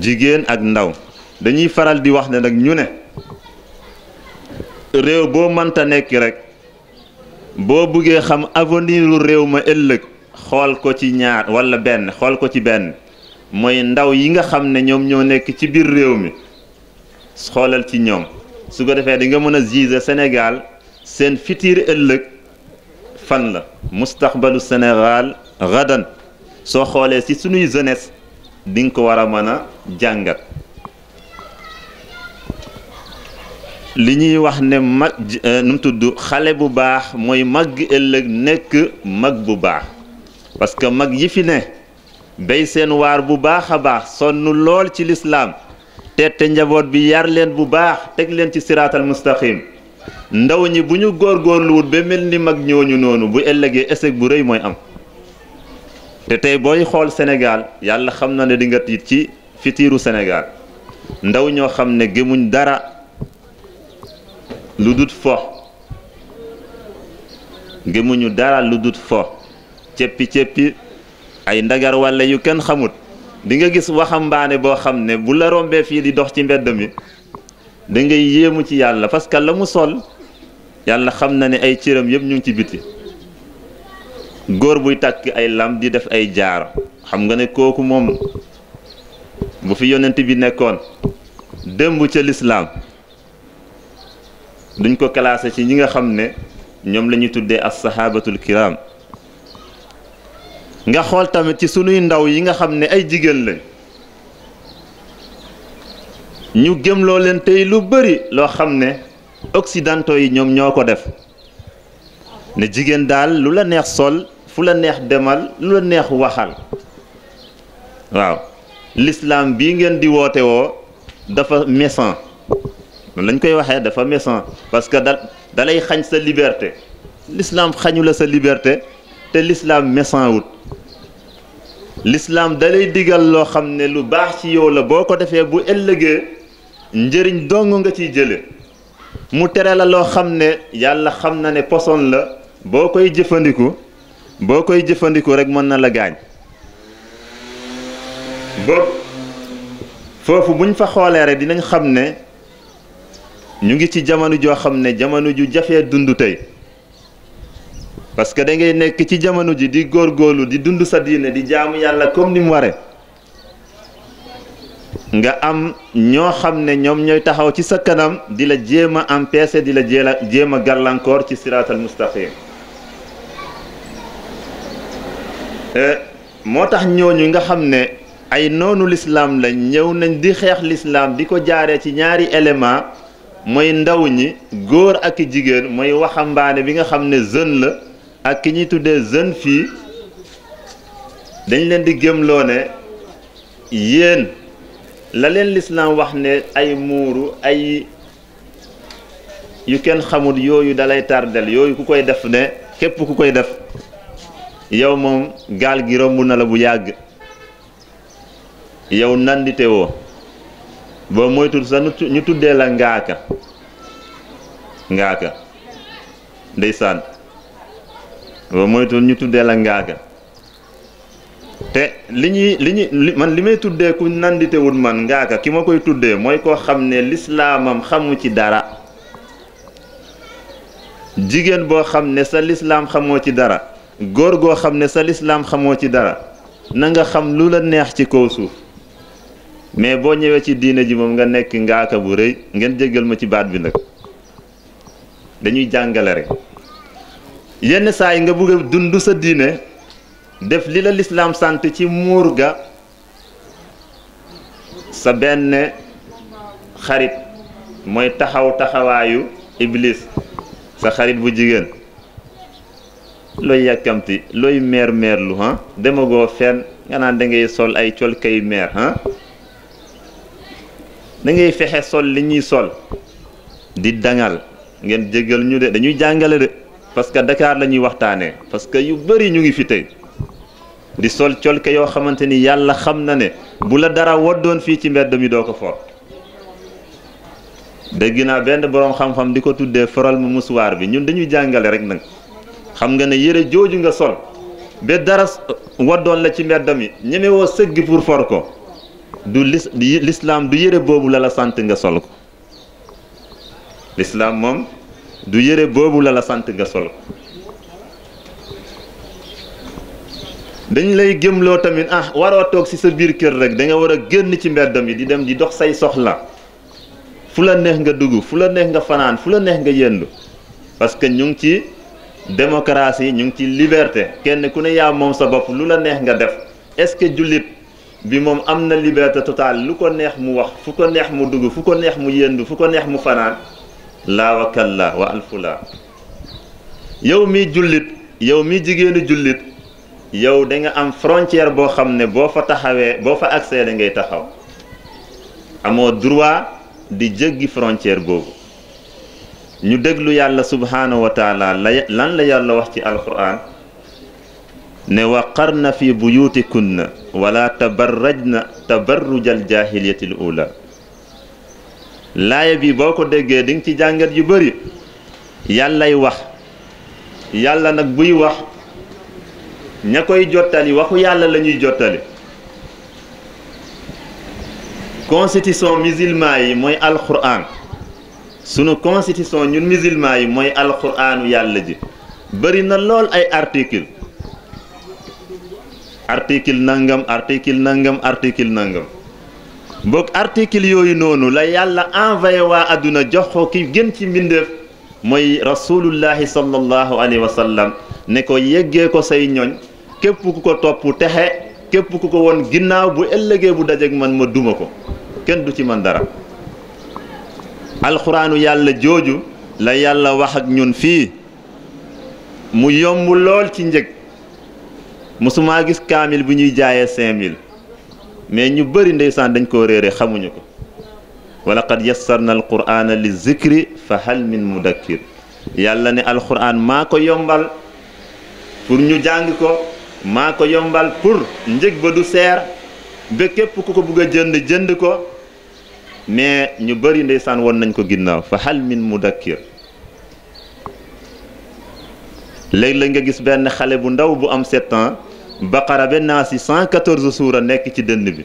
jigéen ak ndaw dañuy faral di wax ne nag ñu ne réew boo mënta nekk rek boo buggee xam avenir réew ma ëllëg xool ko ci ñaar walla benn xool ko ci benn mooy ndaw yi nga xam ne ñoom ñoo nekk ci biir réew mi xoolal ci ñoom su ko defee di nga mën a gise Sénégal seen fitiir ëllëg fan la mustaqbalu Sénégal gadan soo xoolee ci suñuy jeunesse di ko war a mën a jàngat li ñuy wax ne mag euh, tudd xale bu baax mooy mag gi ëllëg nekk mag bu baax parce que mag yi fi ne bay seen waar bu baax a baax sonn lool ci lislaam tette njaboot bi yar leen bu baax teg leen ci siraatal mustaqim ndaw ñi bu ñu góor góorgóorluwut ba mel ni mag ñooñu noonu bu ëllëgee échec bu rëy mooy am te tey booy xool Sénégal yàlla xam na ne dinga tiit ci fitiiru Sénégal ndaw ñoo xam ne gëmuñ dara lu dut fo gëmuñu dara lu dut fo ceppi ceppi ay ndagar walla yu kenn xamut di nga gis waxambaane boo xam ne bu la rombee fii di dox ci mbedd mi da ngay yéemu ci yàlla parce que la mu sol yàlla xam na ne ay cëram yëpp ñu ngi ci biti góor buy takk ay lam di def ay jaaro xam nga ne kooku moom bu fi yonent bi nekkoon démb ca lislaam duñ ko classé ci ñi nga xam ne ñoom lañuy tuddee as saxaabatul kiram nga xool tamit ci sunuy ndaw yi nga xam ne ay jigéen lañ ñu loo leen tey lu bari loo xam ne occidentaux yi ñoom ñoo ko def ne jigéen daal lu la neex sol fu la neex demal lu la neex waxal waaw l'islam bi ngeen di woote woo dafa méchant noonu lañ koy waxee dafa méchant parce que da da xañ sa liberté l'islam xañu la sa liberté te l'islam méchant wut l'islam dalay lay digal loo xam ne lu baax ci yow la boo ko defee bu ëllëgee njëriñ dong nga ci jële mu tere la loo xam ne yàlla xam na ne poson la boo koy jëfandiku boo koy jëfandiku rek mën na la gaañ ba foofu buñ fa xoolee rek dinañ xam ne ñu ngi ci jamono joo xam ne jamono ju jafee dund tey parce que da ngay nekk ci jamono ji di góor góorlu di dund sa diine di jaamu yàlla comme ni mu ware nga am ñoo xam ne ñoom ñooy taxaw ci sa kanam di la jéem a empêcher di la jéem a gàllankoor ci siraatal mustaqim Eh, moo tax ñooñu nga xam ne ay noonu lislaam lañ ñëw nañ di xeex lislaam di ko jaaree ci ñaari élément mooy ndaw ñi góor ak jigéen mooy waxambaane bi nga xam ne jeune la ak ki ñuy tuddee jeune fii dañ leen di gëmloo ne yéen la leen lislaam wax ne ay muuru ay yu kenn xamul yooyu dalay tardel yooyu ku koy def ne képp ku koy def yow moom gaal gi romb na la bu yàgg yow nandite woo boo moytul sa ñu tuddee la ngaaka ngaaka ndeysaan boo moytul ñu tuddee la ngaaka te li ñuy li ñuy man li may tuddee ku nanditewul man ngaaka ki ma koy tuddee mooy koo xam ne lislaamam xamu ci dara jigéen boo xam ne sa lislaam xamoo ci dara góor goo xam ne sa lislaam xamoo ci dara na nga xam lu la neex ci kaw suuf mais boo ñëwee ci diine ji moom nga nekk ngaaka bu rëy ngeen jéggal ma ci baat bi nag dañuy jàngale rek yenn saa yi nga bëgg dund sa diine def li la lislaam sant ci muur ga sa benn xarit mooy taxaw taxawaayu iblis sa xarit bu jigéen looy yàkkamti looy meer meerlu ah demagoo fenn nga naan da sol ay col kay meer ah da ngay fexe sol li ñuy sol di dangal ngeen jégal ñu de dañuy jàngale de parce que Dakar la ñuy waxtaanee parce que yu bari ñu ngi fi tey di sol col yoo xamante ni yàlla xam na ne bu la dara woddoon fii ci mbedd mi doo ko for dégg naa benn boroom xam-xam di ko tuddee foral mu musuwaar bi ñun dañuy jàngale rek nag. xam nga ne yére jooju nga sol ba dara waddoon la ci mbeddam mi ñemewoo sëgg pour for ko du lislaam du yére boobu la la sant nga sol ko lislaam moom du yére boobu la sant nga sol dañ lay gëmloo tamit ah waroo toog ci sa biir kër rek da nga war a génn ci mbeddam mi di dem di dox say soxla fu la neex nga dugg fu la neex nga fanaan fu la neex nga yendu parce que ci démocratie ñu ngi ci liberté kenn ku ne yaa moom sa bopp lu la neex nga def est-ce que jullit bi moom am na liberté totale lu ko neex mu wax fu ko neex mu dugg fu ko neex mu yëndu fu ko neex mu fanaan laa wa kalla wa alfula yow mi jullit yow mi jigéenu jullit yow danga nga am frontière boo xam ne boo fa taxawee boo fa accès ngay taxaw amoo droit di jéggi frontière boobu ñu déglu yàlla subhaanahu wa taala lan la yàlla wax ci alquran ne waqarna fi buyutikunna wala tabarrajna tabarrujal jaahiliyatil ula laaya bi boo ko déggee di nga ci jàngat yu bari yàllay wax yàlla nag buy wax ña koy jottali waxu yàlla la ñuy jottali constitution musulman yi mooy alquran sunu constitution ñun musulman yi mooy alquraanu yàlla ji bëri na lool ay article article nangam article nangam article nangam boog article yooyu noonu la yàlla envoyé waa àdduna jox ko ki gën ci mbindeef mooy rasulullahi sallallahu alayhi wa sallam ne ko yeggee ko say ñoñ képp ku ko topp texe képp ku ko woon ginnaaw bu ëllëgee bu dajeeg man ma duma ko kenn du ci man dara alxuraanu yàlla jooju la yàlla wax ak ñun fii mu yomb lool ci njëg mosumaa gis kaamil bu ñuy jaaye cinq mille mais ñu bëri ndeysaan dañ koo réere xamuñu ko wala qad yassarna alqur'ana li zikri fa hal min mudakkir yàlla ne alquran maa ko yombal pour ñu jàng ko maa ko yombal pour njëg ba du seer ba képp ku ko bugg a jënd jënd ko mais ñu bëri ndeysaan woon nañ ko ginnaaw fa hal min mudakkir léegi la nga gis benn xale bu ndaw bu am sept ans baqara ba naa si cent quatorze suura nekk ci dënn bi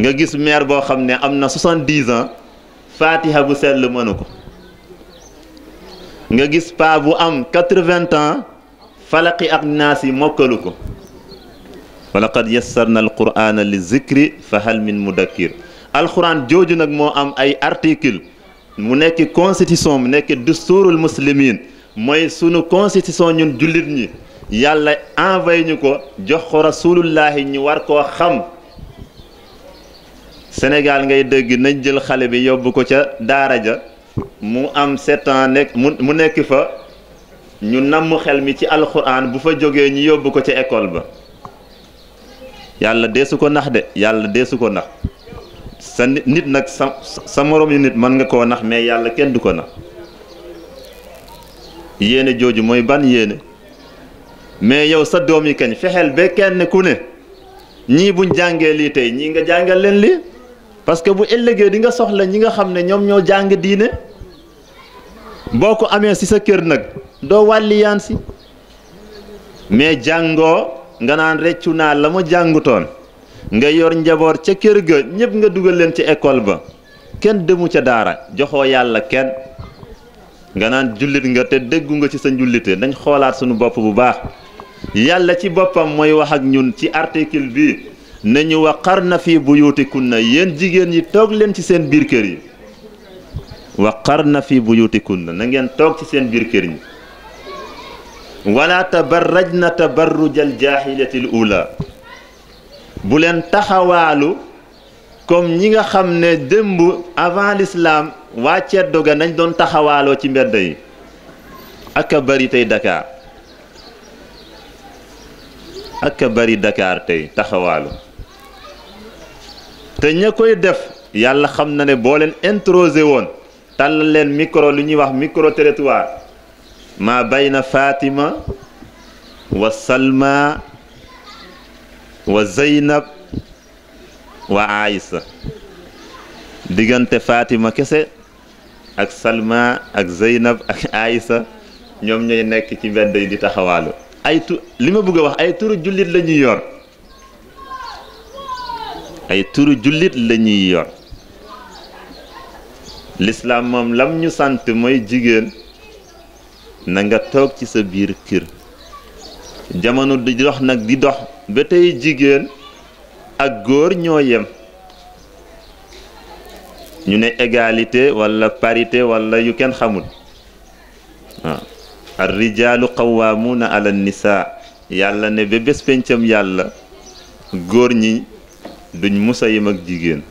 nga gis mère boo xam ne am na soixante-dix ans faatiha bu sell mënu ko nga gis paa bu am quatre-vingts ans falaqi ak naas yi mokkalu ko wa laqad yassarna al qurana li zikri fa hal min mudakkir alxuraan jooju nag moo am ay article mu nekk constitution mu nekk dusturul muslimin mooy sunu constitution ñun jullit ñi yàlla envoyé ñu ko jox ko rasulullahi ñu war ko xam senegal ngay dégg nañ jël xale bi yóbbu ko ca daara ja mu am sept nekk mu nekk fa ñu namm xel mi ci alxuraan bu fa jógee ñu yóbbu ko ca ekool ba yàlla deesu ko nax de yàlla deesu ko nax sa nit nag sa sa morom yu nit mën nga koo nax mais yàlla kenn du ko nax yéene jooju mooy ban yéene mais yow sa doom yi kañ fexeel ba kenn ku ne ñii buñ jàngee lii tey ñii nga jàngal leen lii parce que bu ëllëgee di nga soxla ñi nga xam ne ñoom ñoo jàng diine boo ko amee ci sa kër nag doo wàlli si mais jàngoo nga naan reccu naa la ma jàngutoon nga yor njaboot ca kër ga ñépp nga dugal leen ci école ba kenn demu ca daara joxoo yàlla kenn nga naan jullit nga te déggu nga ci sa njullite dañ xoolaat sunu bopp bu baax yàlla ci boppam mooy wax ak ñun ci article bi nañu wa qarna fi buyutikunna yéen jigéen ñi toog leen ci seen biir kër yi wa na fi bu buyutikunna na ngeen toog ci seen biir kër yi wala tabarrajna tabarrujal jaahiliyatil ula buleen leen taxawaalu comme ñi nga xam ne démb avant l'islam waa ceddo ga nañ doon taxawaaloo ci mbedd yi ak a bari tey Dakar ak bari Dakar tey taxawaalu te ña koy def yàlla xam na ne boo leen introsé woon tàllal leen micro lu ñuy wax micro territoire maa bayna faatima wa Salma wa Zeynab wa Aïssa diggante faatima kese ak Salma ak Zeynab ak Aïssa ñoom ñooy nekk ci mbedd yi di taxawaalu ay tu li ma bëgg a wax ay turu jullit lañuy yor ay turu jullit la ñuy yor lislaam moom lam ñu sant mooy jigéen na nga toog ci sa biir kër jamono di dox nag di dox ba tey jigéen ak góor ñoo yem ñu ne égalité walla parité walla yu kenn xamul waaw ar rijaalu qawwaamuuna ala nissa yàlla ne ba bés pencam yàlla góor ñi duñ musa yem ak jigéen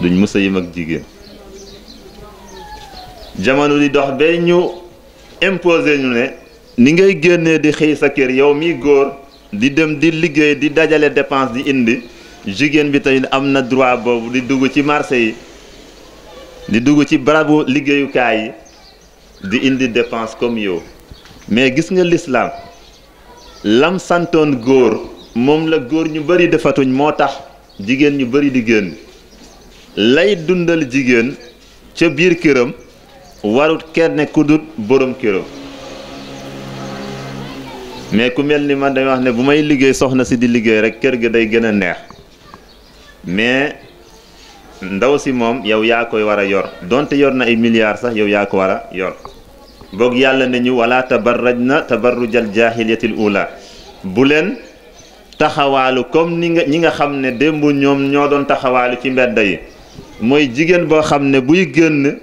duñ musa yem ak jigéen jamono di dox ba ñu imposé ñu ne ni ngay génnee di xëy sa kër yow mi góor di dem di liggéey di dajale dépense di indi jigéen bi tamit am na droit boobu di dugg ci marché yi di dugg ci barabu liggéeyukaay yi di indi dépense comme yow mais gis nga lislaam lam santoon góor moom la góor ñu bari defatuñ moo tax jigéen ñu bari di génn lay dundal jigéen ca biir këram warut kenn ku dut borom këram mais ku mel ni man dañuy wax ne bu may liggéey soxna si di liggéey rek kër gi day gën a neex mais ndaw si moom yow yaa koy war a yor donte yor na ay milliards sax yow yaa ko war a yor boog yàlla na ñu wala tabarraj na tabarrujal jaahiliyatil ula bu leen taxawaalu comme ni ñi nga xam ne démb ñoom ñoo doon taxawaalu ci mbedd yi mooy jigéen boo xam ne buy génn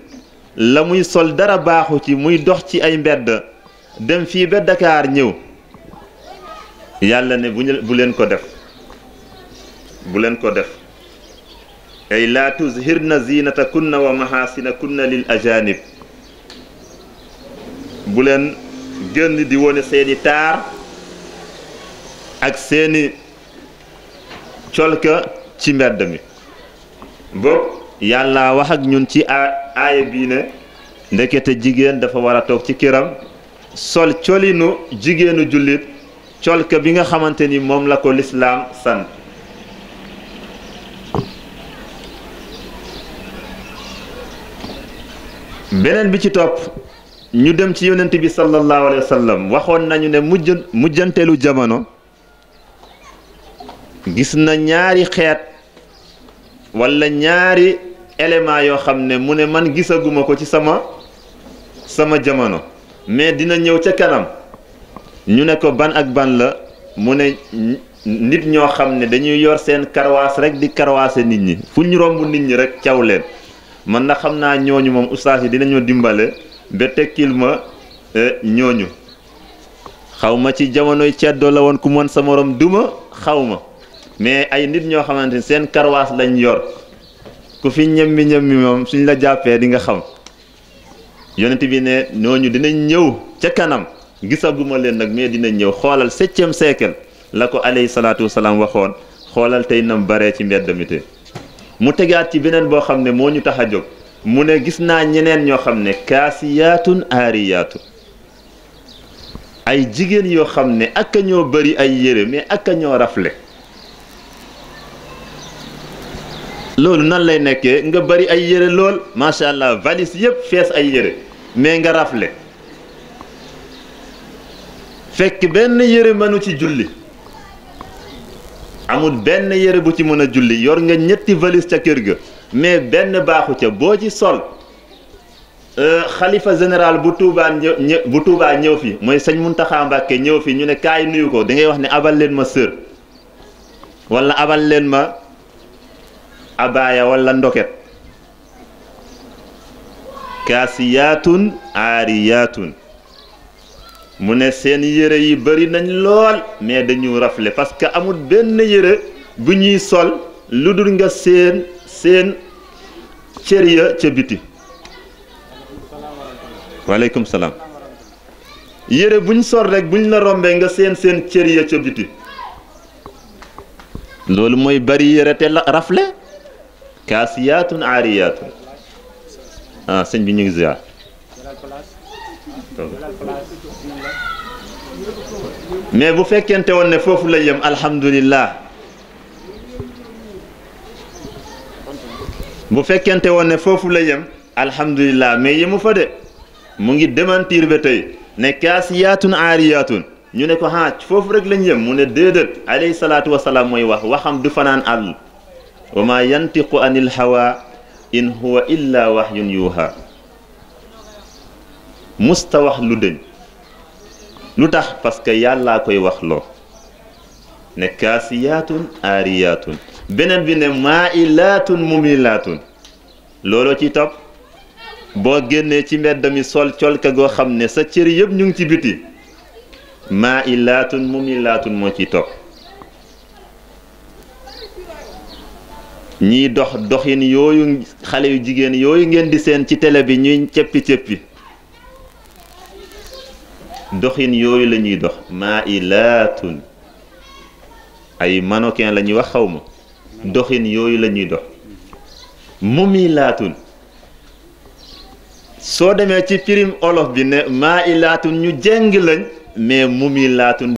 la muy sol dara baaxu ci muy dox ci ay mbedd dem fii ba Dakar ñëw yàlla ne bu ñu bu leen ko def bu leen ko def ay laatu laa tuzhirna zinatakunna wa mahasinakunna lil ajanib bu leen génn di wone seeni taar ak seeni colka ci mbedd mi boobu yàlla wax ak ñun ci aaya bii ne ndekete jigéen dafa war a toog ci këram sol colinu jigéenu jullit colka bi nga xamante ni moom la ko lislaam sant beneen bi ci topp ñu dem ci yonent bi sallallahu alayhi wa sallam waxoon nañu ne mujj mujjanteelu jamono gis na ñaari xeet walla ñaari élément yoo xam ne mu ne man gisaguma ko ci sama sama jamono mais dina ñëw ca kanam ñu ne ko ban ak ban la mu ne nit ñoo xam ne dañuy yor seen karwaas rek di karwaase nit ñi fu ñu romb nit ñi rek caw leen mën na xam naa ñooñu moom ustaas yi dinañu dimbale ba tekkil ma eh, ñooñu xaw ma ci jamonoy ceddoo la woon ku mën sa moroom duma xaw ma mais ay nit ñoo xamante ni seen karwaas lañ yor ku fi ñemmi ñemmi moom suñ la jàppee di nga xam yonent bi ne ñooñu dinañ ñëw ca kanam gisaguma leen nag mais dina ñëw xoolal septième siècle la ko alayhi salaatu wasalaam waxoon xoolal tey nam baree ci mbedd mi te mu tegaat ci beneen boo xam ne moo ñu tax a jóg mu ne gis naa ñeneen ñoo xam ne kaasiyaatun aariyaatu ay jigéen yoo xam ne ak a ñoo bëri ay yére mais ak a ñoo rafle loolu nan lay nekkee nga bari ay yére lool macha allah valise yëpp fees ay yére mais nga rafle fekk benn yére mënu ci julli amut benn yére bu ci mën a julli yor nga ñetti valise ca kër ga mais benn baaxu ca boo ci sol euh, xalifa général bu tuubaa ñë bu tuubaa ñëw fi mooy sëñ Muntaxa Mbàkke ñëw fi ñu ne kaay nuyu ko da wax ne abal leen ma sër wala abal leen ma abaaya wala ndoket kaasiyaatun aariyaatun mu ne seen yére yi bëri nañ lool mais dañu rafle parce que amul benn yére bu ñuy sol lu dul nga seen seen cër ya ca biti waaleykum salaam yére buñ sol rek buñ la rombee nga seen seen cër ya ca biti loolu mooy bari yére te rafle kaasiyaatun aariyaatun ah sëñ bi ñu ngi ziar mais bu fekkente woon ne foofu la yem alhamdulillah bu fekkente woon ne foofu la yem alhamdulillah mais yemu fa de mu ngi demantiir ba tey ne kaasiyaatun aariyaatun ñu ne ko ah foofu rek lañ yem mu ne déedéet alayhi salaatu wasalaam mooy wax waxam du fanaan àll wa maa yantiqu anil hawa in huwa illa wahyun yuuha lu lu tax parce que yàllaa koy wax loo ne kaasiyaatun aariyaatun beneen bi ne maailaatun mumilaatun looloo ci topp boo génnee ci mbedd sol colka goo xam ne sa cër yëpp ñu ngi ci biti maailaatun mumilaatun moo ci topp ñiy dox doxin yooyu xale yu jigéen yooyu ngeen di seen ci tele bi ñuy cëppi cëppi doxin yooyu la ñuy dox maa ilaatun ay mannequin lañuy wax xawma doxin yooyu la ñuy dox mumilaatun soo demee ci pirim olof bi ne maa ilaatun ñu jeng lañ mais mumilaatun